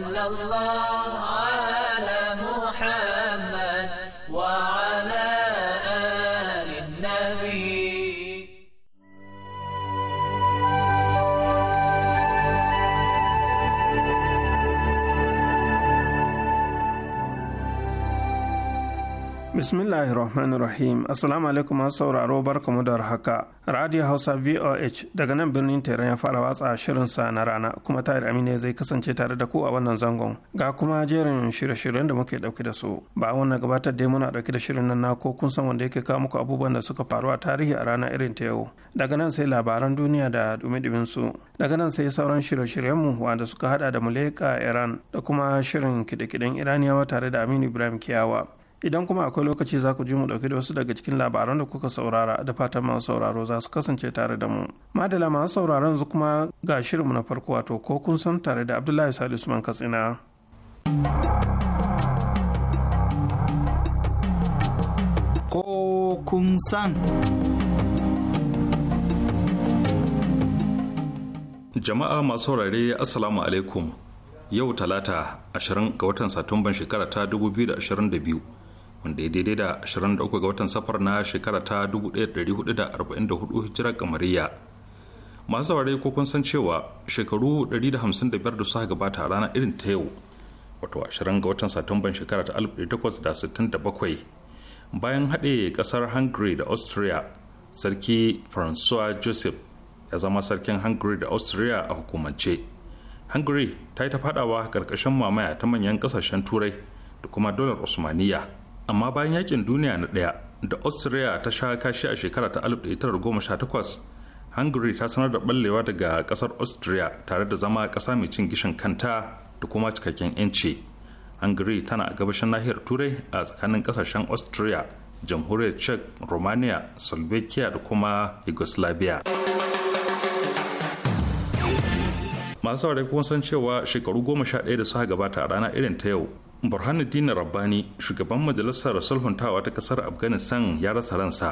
sallallahu rahim Assalamu alaikum masu sauraro barkamu da haka. Radio Hausa VOH daga nan birnin Teran ya fara watsa shirin sa na rana kuma tare Amina zai kasance tare da ku a wannan zangon. Ga kuma jerin shirye-shiryen da muke dauke da su. Ba wannan gabatar dai muna dauke da shirin nan na ko kun san wanda yake kawo muku abubuwan da suka faru a tarihi a rana irin ta yau. Daga nan sai labaran duniya da dumi su. Daga nan sai sauran shirye-shiryen mu wanda suka hada da Muleka Iran da kuma shirin kide-kiden Iraniyawa tare da Aminu Ibrahim Kiyawa. idan kuma akwai lokaci za ku ji mu dauke da wasu daga cikin labaran da kuka saurara da fatan masu sauraro za su kasance tare da mu madala masu sauraron yanzu kuma ga shirinmu na farko wato ko kun san tare da abdullahi salisu man katsina ko kun san jama'a masu saurare assalamu alaikum yau talata 20 ga watan satumban shekara ta 2022 wanda ya daidai da 23 ga watan safar na shekara ta 1444 hijira kamariya masu saurare ko kun san cewa shekaru 155 da suka gabata a ranar irin ta yau wato 20 ga watan satumban shekara ta 1867 bayan haɗe kasar hungary da austria sarki francois joseph ya zama sarkin hungary da austria a hukumance hungary ta yi ta fadawa ƙarƙashin mamaya ta manyan ƙasashen turai da kuma dolar Osmaniya. amma bayan yakin duniya na ɗaya da austria ta sha kashi a shekara ta 1918 hungary ta sanar da ballewa daga kasar austria tare da zama kasa mai cin gishin kanta da kuma cikakken 'yanci hungary tana a gabashin nahiyar turai a tsakanin kasashen austria jamhuriyar czech romania slovakia da kuma yugoslavia masu saurari kuma san cewa shekaru goma sha ɗaya da suka gabata a rana irin ta yau burhanuddin rabbani shugaban majalisar sulhuntawa ta kasar afghanistan ya rasa ransa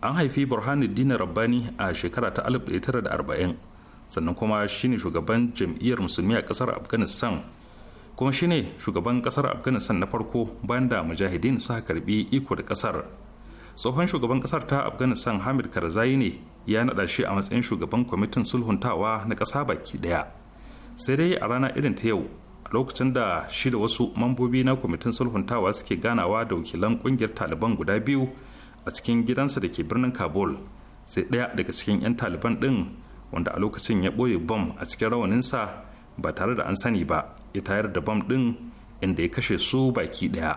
an haifi burhanuddin rabbani a shekara ta 1940 sannan kuma shine shugaban jam'iyyar musulmi a kasar afghanistan kuma shine shugaban kasar afghanistan na farko bayan da mujahidin suka karbi iko da kasar tsohon shugaban kasar ta afghanistan hamid karzai ne ya naɗa shi a matsayin shugaban kwamitin sulhuntawa na ƙasa baki ɗaya sai dai a rana irin ta yau lokacin da shi da wasu mambobi na kwamitin sulhuntawa suke ganawa da wakilan kungiyar taliban guda biyu a cikin gidansa da ke birnin kabul sai ɗaya daga cikin 'yan taliban ɗin wanda a lokacin ya ɓoye bom a cikin rawaninsa ba tare da an sani ba ya tayar da bom ɗin inda ya kashe su baki ɗaya.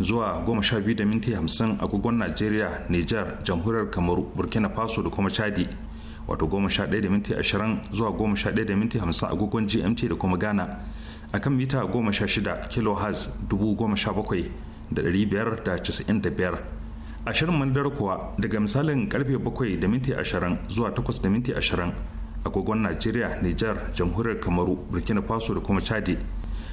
zuwa goma sha biyu da minti hamsin agogon najeriya niger jamhuriyar kamaru burkina faso da kuma chadi wato goma sha ɗaya da zuwa goma sha ɗaya agogon gmt da kuma ghana akan mita goma sha shida A dubu goma sha bakwai da ɗari biyar da da biyar ashirin mandar kuwa daga misalin karfe bakwai da minti ashirin zuwa takwas da minti ashirin agogon najeriya niger jamhuriyar kamaru burkina faso da kuma chadi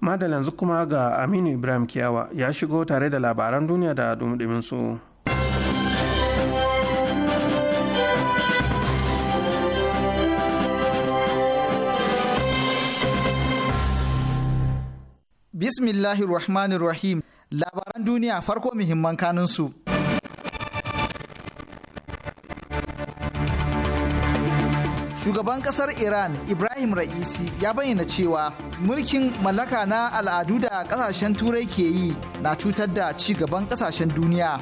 madal yanzu kuma ga aminu ibrahim kiyawa ya shigo tare da labaran duniya da dumudumin su bismillahirrahmanirrahim labaran duniya farko muhimman kanunsu shugaban kasar iran ibrahim ra'isi ya bayyana cewa mulkin mallaka na al'adu da kasashen turai ke yi na cutar da ci gaban kasashen duniya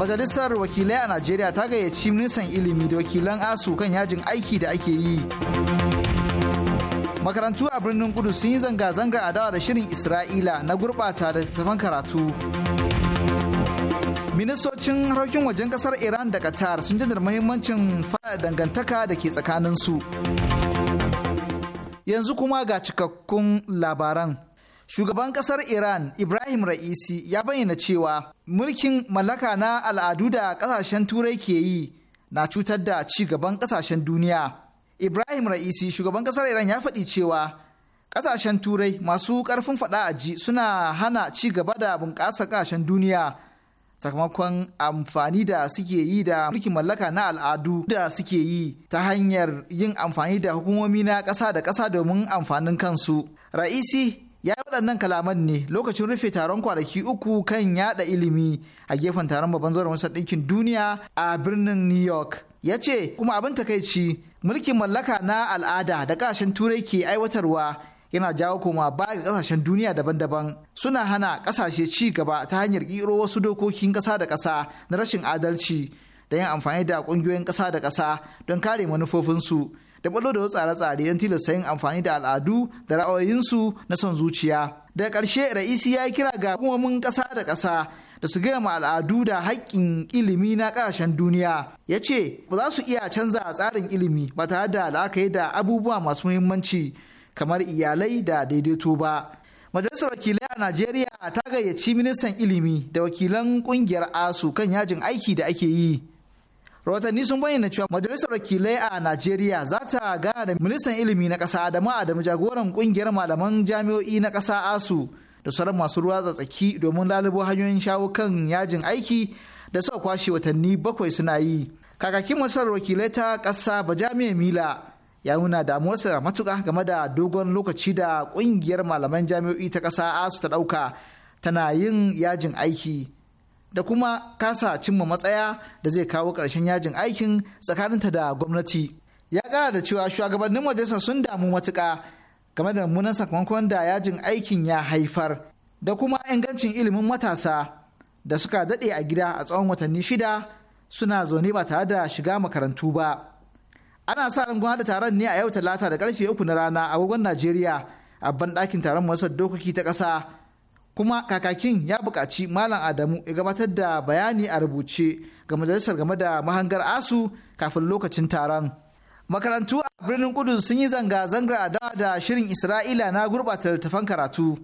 majalisar wakilai a najeriya ta gayyaci ministan ilimi da wakilan asu kan yajin aiki da ake yi makarantu a birnin kudu sun yi zanga-zanga dawa da shirin isra'ila na gurɓata da karatu. ministocin harkokin wajen kasar iran da qatar sun jaddada muhimmancin fara dangantaka da ke tsakaninsu yanzu kuma ga cikakkun labaran shugaban kasar iran ibrahim ra'isi ya bayyana cewa mulkin mallaka na al'adu da kasashen turai ke yi na cutar da ci gaban kasashen duniya ibrahim ra'isi shugaban kasar iran ya faɗi cewa kasashen turai masu ƙarfin faɗa a ji suna hana ci gaba da bunƙasa kasashen duniya sakamakon amfani da suke yi da mulkin mallaka na al'adu da suke yi ta hanyar yin amfani da hukumomi na ƙasa da ƙasa domin amfanin kansu. Ra'isi ya yi waɗannan kalaman ne lokacin rufe taron kwanaki uku kan yada ilimi a gefen taron babban zauren wasan ɗinkin duniya a birnin New York. Ya ce kuma abin takaici mulkin mallaka na al'ada da ƙasashen turai ke aiwatarwa yana jawo koma ba ga kasashen duniya daban-daban suna hana kasashe ci gaba ta hanyar ƙiro wasu dokokin ƙasa da ƙasa na rashin adalci da yin amfani da ƙungiyoyin ƙasa da kasa don kare manufofinsu da ɓallo da tsare-tsare don tilasta yin amfani da al'adu da ra'ayoyinsu na son zuciya daga ƙarshe ra'isi ya yi kira ga hukumomin ƙasa da ƙasa da su ma al'adu da haƙƙin ilimi na ƙasashen duniya ya ce ba za su iya canza tsarin ilimi ba tare da la'akari da abubuwa masu muhimmanci kamar iyalai da daidaito ba majalisar wakilai a najeriya ta gayyaci ministan ilimi da wakilan kungiyar asu kan yajin aiki da ake yi rahotanni sun bayyana cewa majalisar wakilai a najeriya za ta gana da ministan ilimi na ƙasa adamu adamu jagoran kungiyar malaman jami'o'i na ƙasa asu da sauran masu ruwa tsatsaki domin lalubo hanyoyin shawo kan yajin aiki da suka kwashe watanni bakwai suna yi kakakin masar wakilai ta ƙasa bajamiya mila ya nuna damuwarsa matuƙa game da dogon lokaci da ƙungiyar malaman jami'o'i ta ƙasa su ta ɗauka tana yin yajin aiki da kuma kasa cimma matsaya da zai kawo ƙarshen yajin aikin tsakaninta da gwamnati ya ƙara da cewa shugabannin majalisa sun damu matuƙa game da mummunan sakamakon da yajin aikin ya haifar da kuma ingancin ilimin matasa da suka daɗe a gida a tsawon watanni shida suna zaune ba tare da shiga makarantu ba. ana sa ran gudanar da taron ne a yau talata da karfe uku na rana a agogon najeriya a ban ɗakin taron masar dokoki ta ƙasa kuma kakakin ya buƙaci malam adamu ya gabatar da bayani a rubuce ga majalisar game da mahangar asu kafin lokacin taron makarantu a birnin kudu sun yi zanga-zangar adawa da shirin isra'ila na gurɓata littattafan karatu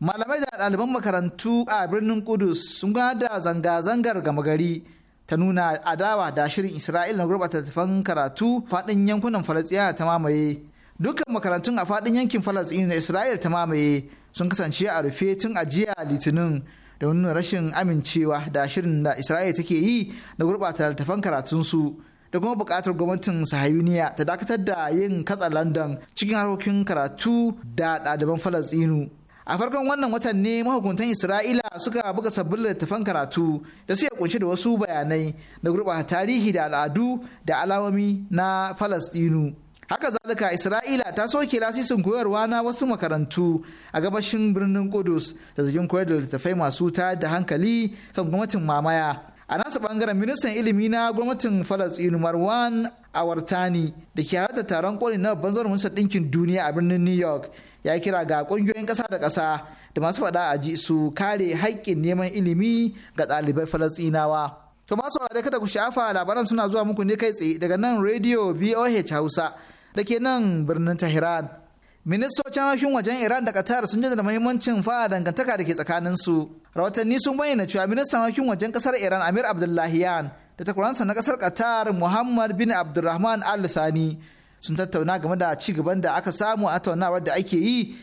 malamai da ɗaliban makarantu a birnin kudus sun da zanga-zangar gama gari ta nuna adawa da shirin Isra'il na gurɓata tafan karatu faɗin yankunan Falasɗina ta mamaye. Dukkan makarantun a faɗin yankin Falasɗina na Isra'il ta mamaye sun kasance a rufe tun ajiya Litinin da wani rashin amincewa da shirin da Isra'il take yi na gurɓata tafan karatunsu. da kuma buƙatar gwamnatin sahayuniya ta dakatar da yin katsa london cikin harkokin karatu da ɗaliban falasɗinu a farkon wannan watan ne mahukuntan isra'ila suka buga sabbin littattafan karatu da suke kunshe da wasu bayanai da gurɓata tarihi da al'adu da alamomi na falastinu haka zalika isra'ila ta soke lasisin koyarwa na wasu makarantu a gabashin birnin kudus da zigin koyar da littattafai masu ta da hankali kan gwamnatin mamaya a nasa bangaren ministan ilimi na gwamnatin falastinu marwan awartani da ke halarta taron koli na babban ministan ɗinkin duniya a birnin new york ya kira ga kungiyoyin ƙasa da kasa da masu faɗa a ji su kare haƙƙin neman ilimi ga ɗalibai falastinawa. To masu wa kada ku shafa labaran suna zuwa muku ne kai tsaye daga nan rediyo VOH Hausa da ke nan birnin tahiran. Ministocin harkokin wajen Iran da Qatar sun jaddada muhimmancin fa'a dangantaka da ke tsakanin su. rawatanni sun bayyana cewa ministan harkokin wajen ƙasar Iran Amir Abdullahiyan da takwaransa na kasar Qatar Muhammad bin Abdulrahman Al Thani sun tattauna game da ci gaban da aka samu a tattaunawar da ake yi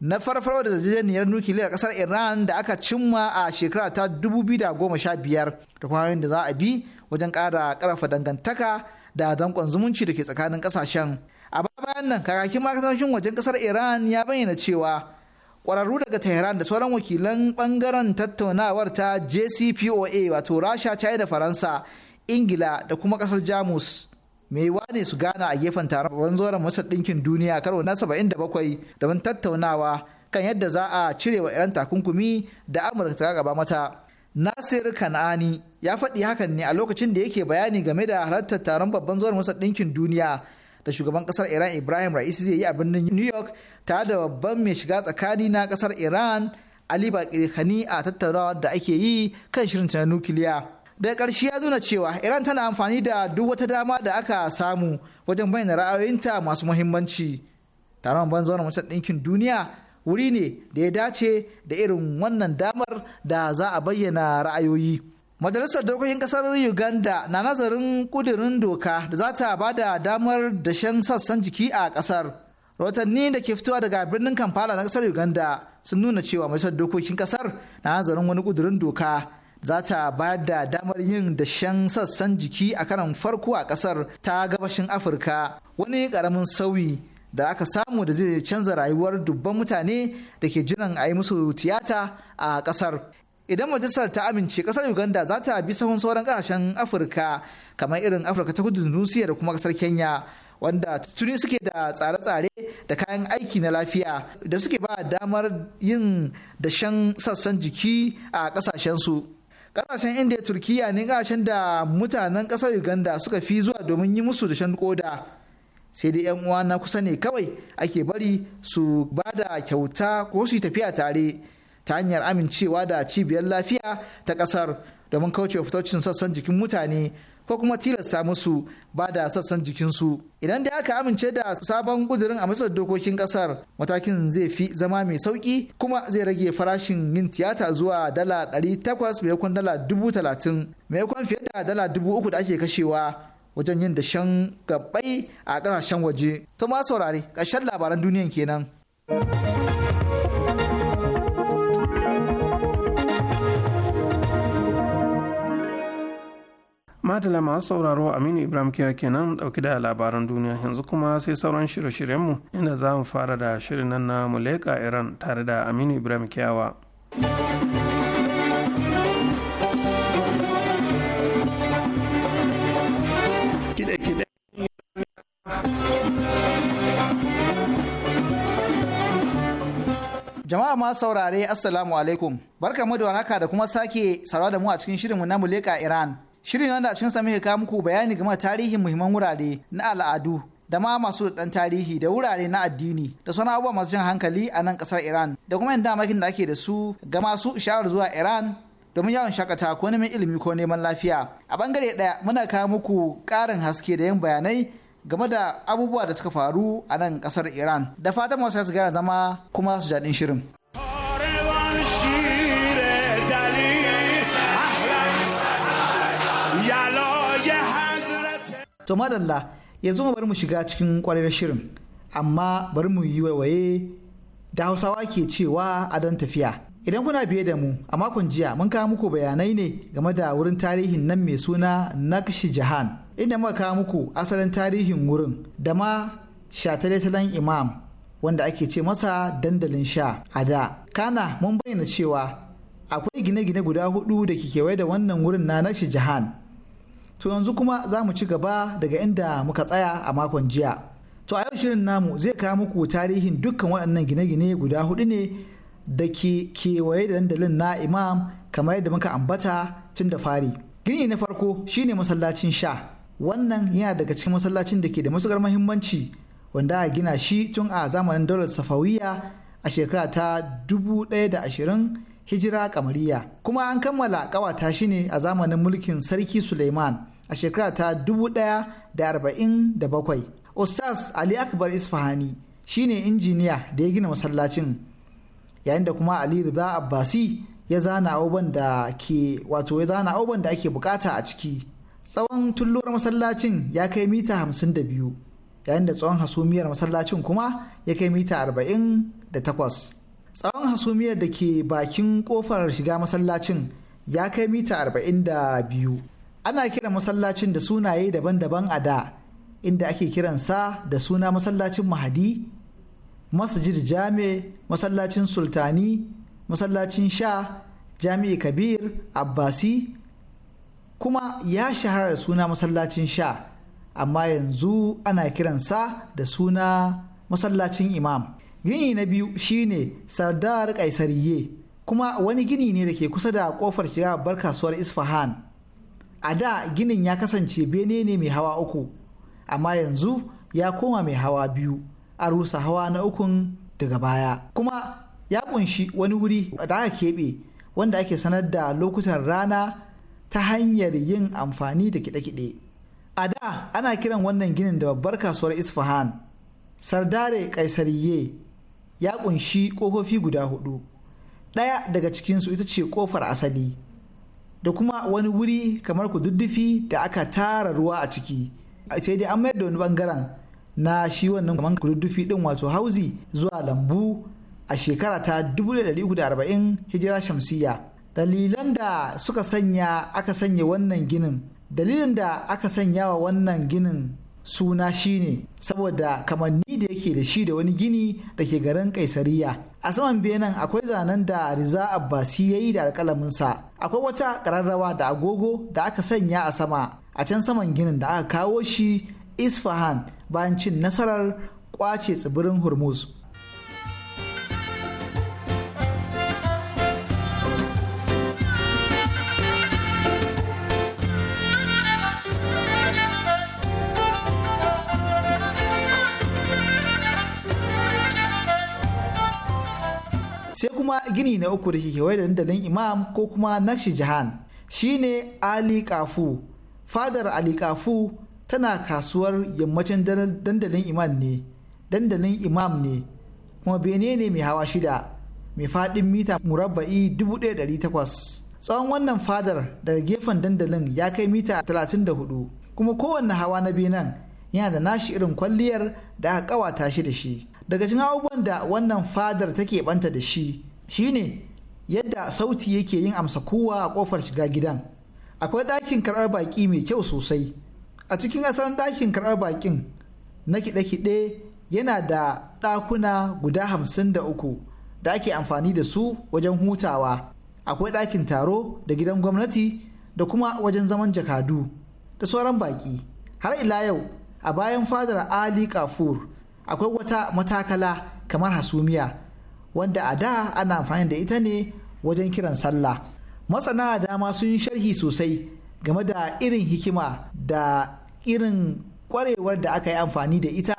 na farfaro da zajeniyar nukiliyar kasar iran da aka cimma a shekara ta 2015 da kuma da za a bi wajen ƙara ƙarfa dangantaka da danƙon zumunci da ke tsakanin ƙasashen a bayan nan kakakin makasashen wajen ƙasar iran ya bayyana cewa ƙwararru daga tehran da sauran wakilan ɓangaren tattaunawar ta jcpoa wato rasha china da faransa ingila da kuma ƙasar jamus mai ne su gana a gefen taron babban zoren masar ɗinkin duniya karo na 77 domin tattaunawa kan yadda za a cire wa iran takunkumi da amurka ta gaba mata nasir kan'ani ya faɗi hakan ne a lokacin da yake bayani game da halartar taron babban zuwan masar ɗinkin duniya da shugaban kasar iran ibrahim ra'isi zai yi a birnin new york tare da babban mai shiga tsakani na kasar iran ali bakir khani a tattaunawa da ake yi kan shirin ta nukiliya daga ƙarshe ya nuna cewa iran tana amfani da duk wata dama da aka samu wajen bayyana ra'ayoyinta masu muhimmanci taron banzo na mutan ɗinkin duniya wuri ne da ya dace da irin wannan damar da za a bayyana ra'ayoyi majalisar dokokin ƙasar uganda na nazarin ƙudurin doka da za ta ba da damar dashen sassan jiki a ƙasar rahotanni da ke fitowa daga birnin kampala na ƙasar uganda sun nuna cewa majalisar dokokin ƙasar na nazarin wani ƙudurin doka za ta ba da damar yin dashen sassan jiki a karan farko a kasar ta gabashin afirka wani karamin sauyi da aka samu da zai canza rayuwar dubban mutane da ke jiran a yi musu tiyata a kasar idan majalisar ta amince kasar uganda za ta bi sahun sauran kasashen afirka kamar irin afirka ta kudu nusiya da kuma kasar kenya wanda tuni suke da tsare-tsare da kayan aiki na lafiya da suke ba damar yin dashen sassan jiki a kasashensu. su kasashen indiya turkiya ne kasashen da mutanen kasar uganda suka fi zuwa domin yi musu dashen koda sai dai yan uwa na kusa ne kawai ake bari su ba da kyauta ko su tafiya tare ta hanyar amincewa da cibiyar lafiya ta kasar domin kaucewa fitocin sassan jikin mutane ko kuma tilasta musu ba da sassan jikinsu idan da aka amince da sabon kudurin a masar dokokin kasar matakin zai fi zama mai sauki kuma zai rage farashin yin tiyata zuwa dala 800 maimakon dala 30,000 maimakon fiye da dala 3,000 da ake kashewa wajen yin dashen gabai a kasashen waje to ma saurare ƙarshen labaran duniyan kenan. madala masu sauraro aminu ibrahim Kiyar kenan dauki da labaran duniya yanzu kuma sai sauran shirye-shiryenmu inda za mu fara da shirin nan na muleka iran tare da aminu ibrahim kiyawa Jama'a ma saurare Assalamu alaikum. Barka mu da da kuma sake saurara da mu a cikin shirinmu na Muleka Iran. Shirin wanda cikin sami ka muku bayani game da tarihin muhimman wurare na al'adu da ma masu ɗan tarihi da wurare na addini da sauran abubuwa masu jan hankali a nan kasar Iran da kuma yin damakin da ake da su ga masu sha'awar zuwa Iran domin yawon shakata ko neman ilimi ko neman lafiya. A bangare ɗaya muna kawo muku ƙarin haske da yin bayanai game da abubuwa da suka faru a nan kasar Iran. Da fatan masu gara zama kuma su jaɗin shirin. to madalla yanzu mu bari mu shiga cikin kwarar shirin amma bari mu yi waye da hausawa ke cewa a don tafiya idan kuna biye da mu a makon jiya mun kawo muku bayanai ne game da wurin tarihin nan mai suna nakshi jahan inda muka kawo muku asalin tarihin wurin da ma shataletalen imam wanda ake ce masa dandalin sha a da kana mun bayyana cewa akwai gine-gine guda hudu da ke kewaye da wannan wurin na nakshi jahan To yanzu kuma za mu ci gaba daga inda muka tsaya a makon jiya. To a yau shirin namu zai kawo muku tarihin dukkan waɗannan gine-gine guda hudu ne da ke kewaye da dandalin na imam kamar yadda muka ambata tun da fari. Gini na farko shine masallacin sha. Wannan yana daga cikin masallacin da ke da matukar muhimmanci wanda a gina shi tun a zamanin daular safawiya a shekara ta dubu da ashirin. hijira kamariya kuma an kammala kawata shi ne a zamanin mulkin sarki suleiman a shekara ta bakwai. ustaz ali akbar isfahani shine injiniya da ya gina masallacin yayin da kuma ali rida abbasi ya zana abubuwan da ke wato ya zana abubuwan da ake bukata a ciki tsawon tulluwar masallacin ya kai mita 52 yayin da tsawon hasumiyar masallacin kuma ya kai mita 48 tsawon hasumiyar da ke bakin kofar shiga masallacin ya kai mita arba'in da biyu ana kiran masallacin da sunaye daban-daban a da inda ake kiransa da suna masallacin mahadi masjid jami masallacin sultani masallacin sha jami'i kabir abbasi kuma ya shahara da suna masallacin sha amma yanzu ana kiransa da suna masallacin imam gini na biyu shine sardar kaisariye kuma wani gini ne da ke kusa da kofar shiga babbar kasuwar isfahan a da ginin ya kasance bene ne mai hawa uku amma yanzu ya koma mai hawa biyu a rusa hawa na ukun daga baya kuma ya kunshi wani wuri da aka keɓe wanda ake sanar da lokutan rana ta hanyar yin amfani da kiɗe-kiɗe a da ana kiran wannan ginin da babbar kasuwar isfahan sardare kaisariye ya kunshi kofofi guda hudu ɗaya daga cikinsu ita ce kofar asali da kuma wani wuri kamar kududdufi da aka tara ruwa a ciki sai dai an mayar da wani bangaren na shi wannan kamar kududdufi din wato hauzi zuwa lambu a shekara ta 1340 hijira shamsiya dalilan da suka sanya aka sanya wannan ginin dalilin da aka sanya wa wannan ginin suna shine saboda kamanni da yake da shi da wani gini da ke garin kaisariya a saman benen akwai zanen da riza abbasi ya yi da alkalaminsa akwai wata ƙararrawa da agogo da aka sanya a sama a can saman ginin da aka kawo shi isfahan bayan cin nasarar kwace tsibirin hormuz sai kuma gini na uku da ke da dandalin imam ko kuma nakshi Shi shine ali kafu fadar ali kafu tana kasuwar yammacin dandalin imam ne dandalin imam ne kuma bene ne mai hawa shida mai faɗin mita murabba'i 1800 tsawon wannan fadar daga gefen dandalin ya kai mita 34 kuma kowanne hawa na benen yana da nashi irin kwalliyar da aka kawata shi da shi daga cikin abubuwan da wannan fadar take banta da shi shine yadda sauti yake yin amsa kowa a ƙofar shiga gidan akwai ɗakin karɓar baƙi mai kyau sosai a cikin asalin ɗakin karɓar baƙin na kiɗe-kiɗe yana da ɗakuna guda hamsin da uku da ake amfani da su wajen hutawa akwai ɗakin taro da gidan gwamnati da kuma wajen zaman jakadu da sauran baƙi har ila yau a bayan fadar ali kafur akwai wata matakala kamar hasumiya wanda a da ana amfani da ita ne wajen kiran sallah masana dama sun sharhi sosai game da irin hikima da irin kwarewar da aka yi amfani da ita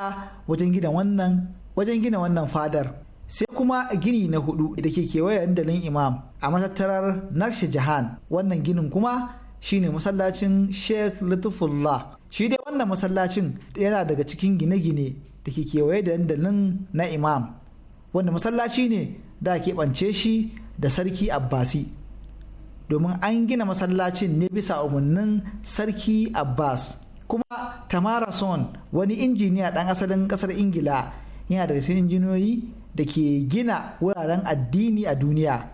wajen gina wannan wajen gina wannan fadar sai kuma gini na hudu da ke kewayen dalin imam a matattarar nakshi jahan wannan ginin kuma shine masallacin sheikh lutufullah shi dai wannan masallacin yana daga cikin gine-gine da ke kewaye da dandalin na imam wanda masallaci ne da keɓance shi da sarki abbasi domin an gina masallacin ne bisa umarnin sarki abbas kuma tamara son wani injiniya ɗan asalin ƙasar ingila yana da sun injiniyoyi da ke gina wuraren addini a duniya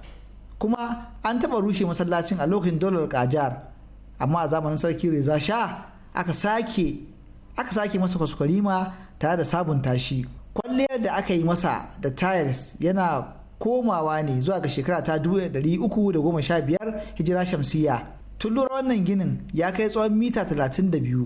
kuma an taɓa rushe masallacin a lokacin dolar kajar amma a zamanin sarki reza sha aka sake aka sake masa kwaskwarima tare da sabunta shi kwalliyar da aka yi masa da tiles yana komawa ne zuwa ga shekara ta 315 hijira shamsiyya. tun lura wannan ginin ya kai tsawon mita 32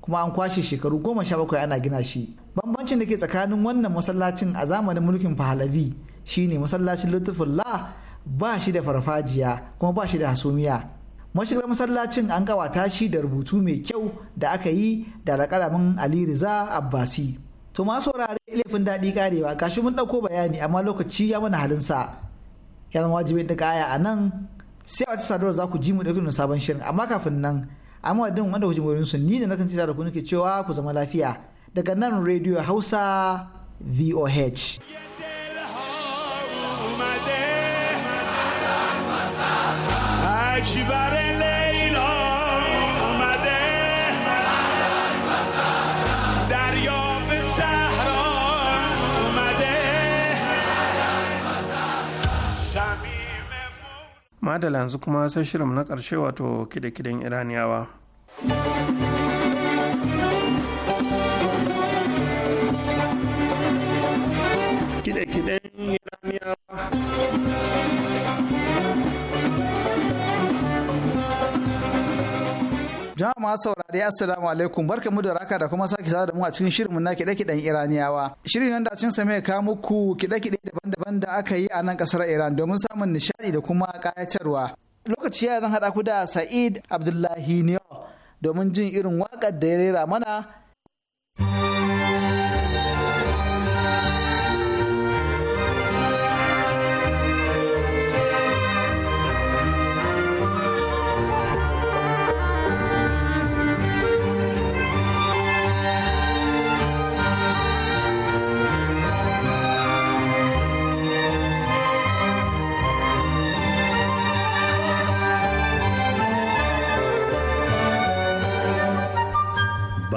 kuma an kwashe shekaru 17 ana gina shi bambancin da ke tsakanin wannan masallacin a zamanin mulkin fahalabi shine masallacin lutufullah ba shi da farfajiya kuma ba shi da hasumiya mashigar masallacin an gawata shi da rubutu mai kyau da aka yi da alƙalamin ali riza abbasi to ma saurare laifin daɗi karewa gashi mun ɗauko bayani amma lokaci ya mana halinsa ya zama wajibi da kaya a nan sai a wata sadarwa za ku ji mu ɗauki sabon shirin amma kafin nan amma din wanda kuji su ni da nakan ci da ku nake cewa ku zama lafiya daga nan rediyo hausa voh. Yeah. اکبر yanzu kuma sai shirin na ƙarshe wato kide-kiden iraniyawa kuma saurari assalamu alaikum barka mu da raka da kuma sake sada da mu a cikin shirinmu na kiɗe-kiɗen iraniyawa shirin nan da cin sa mai kawo muku kiɗe-kiɗe daban-daban da aka yi a nan ƙasar iran domin samun nishaɗi da kuma ƙayatarwa lokaci ya zan haɗa ku da sa'id abdullahi niyo domin jin irin waƙar da ya rera mana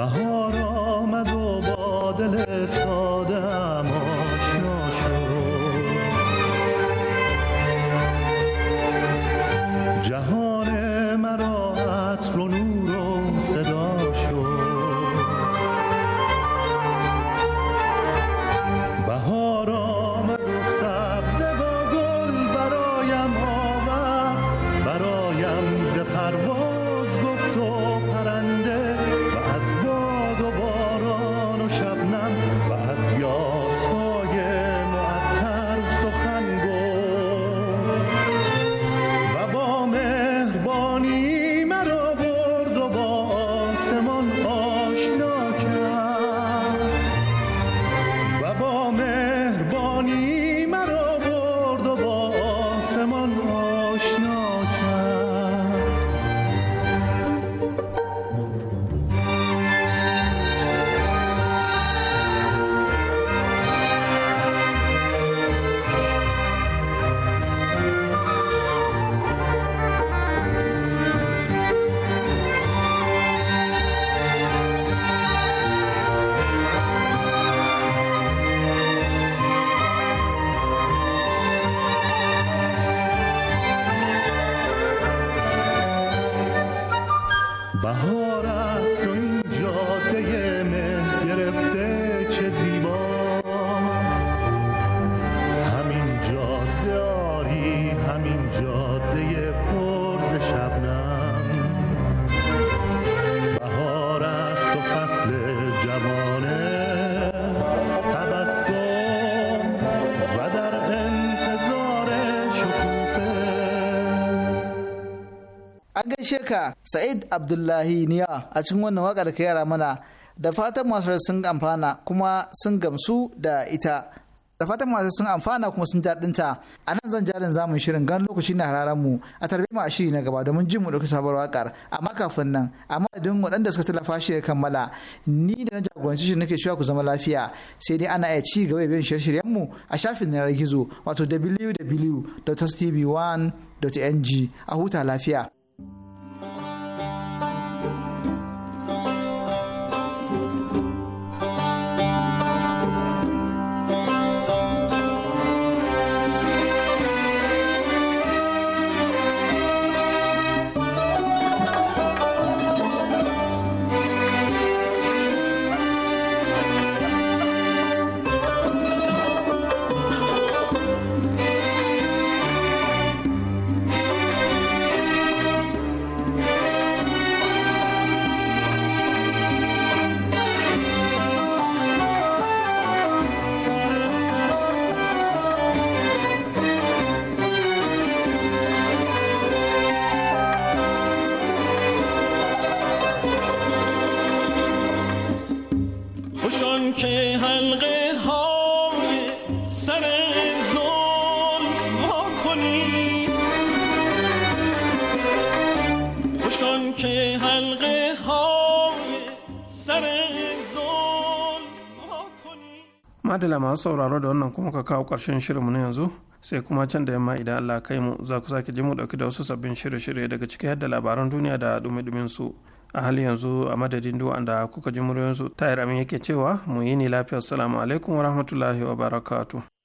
بهار آمد و با دل ساده چشم آشنا ka Sa'id Abdullahi Niya a cikin wannan waƙar ka yara mana da fatan masu sun amfana kuma sun gamsu da ita. Da fatan masu sun amfana kuma sun jaɗinta a nan zan jarin zamun shirin gan lokaci na hararen mu a tarbe mu a shiri na gaba domin jin mu ɗauki sabuwar waƙar amma kafin nan amma madadin waɗanda suka tallafa shi ya kammala ni da na jagoranci shi nake cewa ku zama lafiya sai dai ana iya ci gaba bin shirye-shiryen mu a shafin yanar gizo wato www.tv1.ng a huta lafiya. masu sauraro da wannan kuma ka kawo ƙarshen shirinmu na yanzu sai kuma can da yamma idan Allah kai mu za ku sake ji mu ɗauki da wasu sabbin shirye-shirye daga ciki da labaran duniya da dumi-dumin su a hali yanzu a madadin duwa da kuka ji muryoyinsu su tayar amin yake cewa mu yi ni lafiyar salamu alaikum wa rahmatullahi wa barakatuh